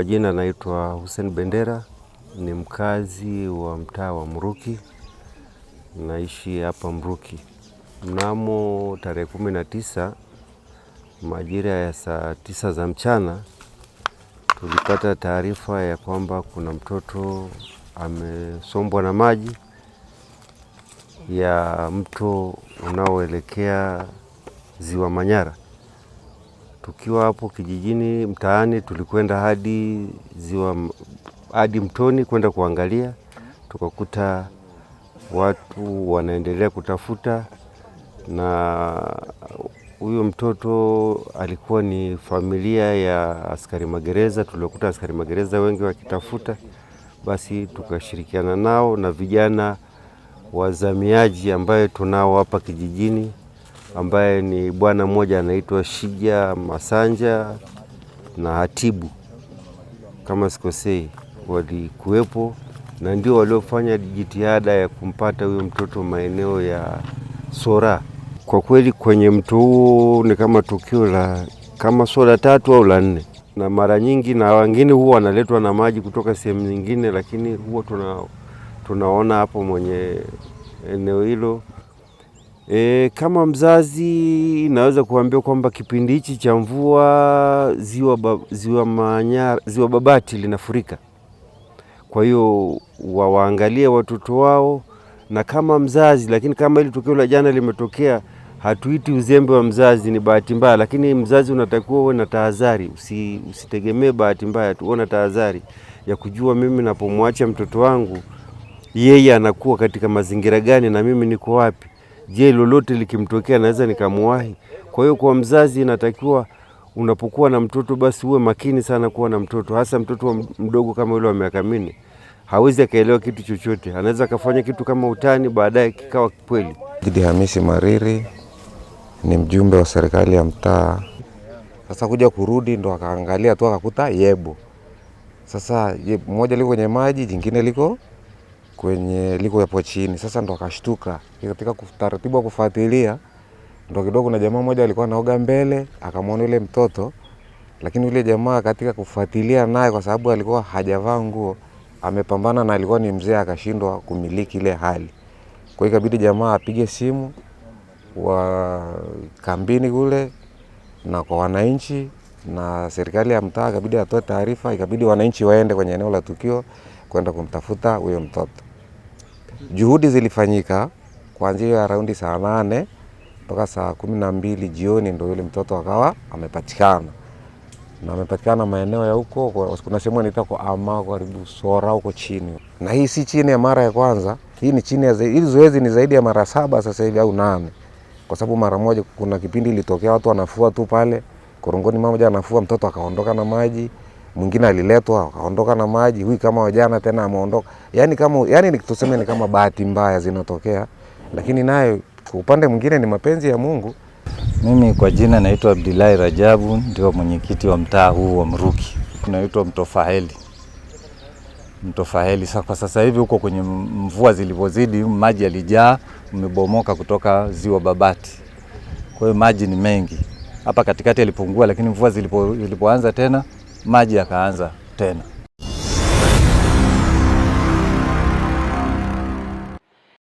majina naitwa Hussein Bendera, ni mkazi wa mtaa wa Mruki, naishi hapa Mruki. Mnamo tarehe kumi na tisa majira ya saa tisa za mchana tulipata taarifa ya kwamba kuna mtoto amesombwa na maji ya mto unaoelekea Ziwa Manyara. Tukiwa hapo kijijini mtaani, tulikwenda hadi ziwa hadi mtoni kwenda kuangalia, tukakuta watu wanaendelea kutafuta, na huyo mtoto alikuwa ni familia ya askari magereza. Tuliokuta askari magereza wengi wakitafuta, basi tukashirikiana nao na vijana wazamiaji ambayo tunao hapa kijijini ambaye ni bwana mmoja anaitwa Shija Masanja na Hatibu kama sikosei, walikuwepo na ndio waliofanya jitihada ya kumpata huyo mtoto maeneo ya Sora. Kwa kweli kwenye mto huo ni kama tukio la kama sora tatu au la nne, na mara nyingi na wengine huwa wanaletwa na maji kutoka sehemu nyingine, lakini huwa tuna, tunaona hapo mwenye eneo hilo E, kama mzazi naweza kuambia kwamba kipindi hichi cha mvua ziwa, ba, ziwa, Manyara, ziwa Babati linafurika. Kwa hiyo wawaangalie watoto wao na kama mzazi, lakini kama hili tukio la jana limetokea, hatuiti uzembe wa mzazi, ni bahati mbaya, lakini mzazi unatakiwa uwe na tahadhari, usitegemee bahati mbaya tu, uwe na tahadhari ya kujua mimi napomwacha mtoto wangu yeye anakuwa katika mazingira gani na mimi niko wapi. Je, lolote likimtokea naweza nikamwahi? Kwa hiyo kwa mzazi inatakiwa unapokuwa na mtoto basi uwe makini sana kuwa na mtoto, hasa mtoto mdogo kama yule wa miaka minne. Hawezi akaelewa kitu chochote, anaweza akafanya kitu kama utani, baadaye kikawa kweli. Jidi Hamisi Mariri ni mjumbe wa serikali ya mtaa. Sasa kuja kurudi, ndo akaangalia tu akakuta yebo. Sasa mmoja liko kwenye maji, jingine liko kwenye liko yapo chini. Sasa ndo akashtuka katika taratibu wa kufuatilia, ndo kidogo na jamaa mmoja alikuwa anaoga mbele akamwona yule mtoto, lakini yule jamaa katika kufuatilia naye, kwa sababu alikuwa hajavaa nguo, amepambana na alikuwa ni mzee, akashindwa kumiliki ile hali. Kwa hiyo ikabidi jamaa apige simu wa kambini kule na kwa wananchi na serikali ya mtaa, ikabidi atoe taarifa, ikabidi wananchi waende kwenye eneo la tukio kwenda kumtafuta huyo mtoto. Juhudi zilifanyika kuanzia ya raundi saa nane mpaka saa kumi na mbili jioni ndo yule mtoto akawa amepatikana na amepatikana maeneo ya huko, kuna sehemu anaita kwa ama karibu Sora huko chini, na hii si chini ya mara ya kwanza. Hii ni chini ya hili zoezi ni zaidi ya mara saba sasa hivi au nane, kwa sababu mara moja kuna kipindi ilitokea watu wanafua tu pale korongoni, moja anafua mtoto akaondoka na maji mwingine aliletwa akaondoka na maji, huyu kama wajana tena ameondoka. Yani kama yani tuseme ni kama bahati mbaya zinatokea, lakini nayo kwa upande mwingine ni mapenzi ya Mungu. Mimi kwa jina naitwa Abdilahi Rajabu, ndio mwenyekiti wa mtaa huu wa Mruki, naitwa Mtofaheli. Mtofaheli kwa sasa hivi huko kwenye mvua zilivyozidi, maji yalijaa, umebomoka kutoka ziwa Babati, kwa hiyo maji ni mengi hapa. Katikati yalipungua, lakini mvua zilipoanza tena maji yakaanza tena.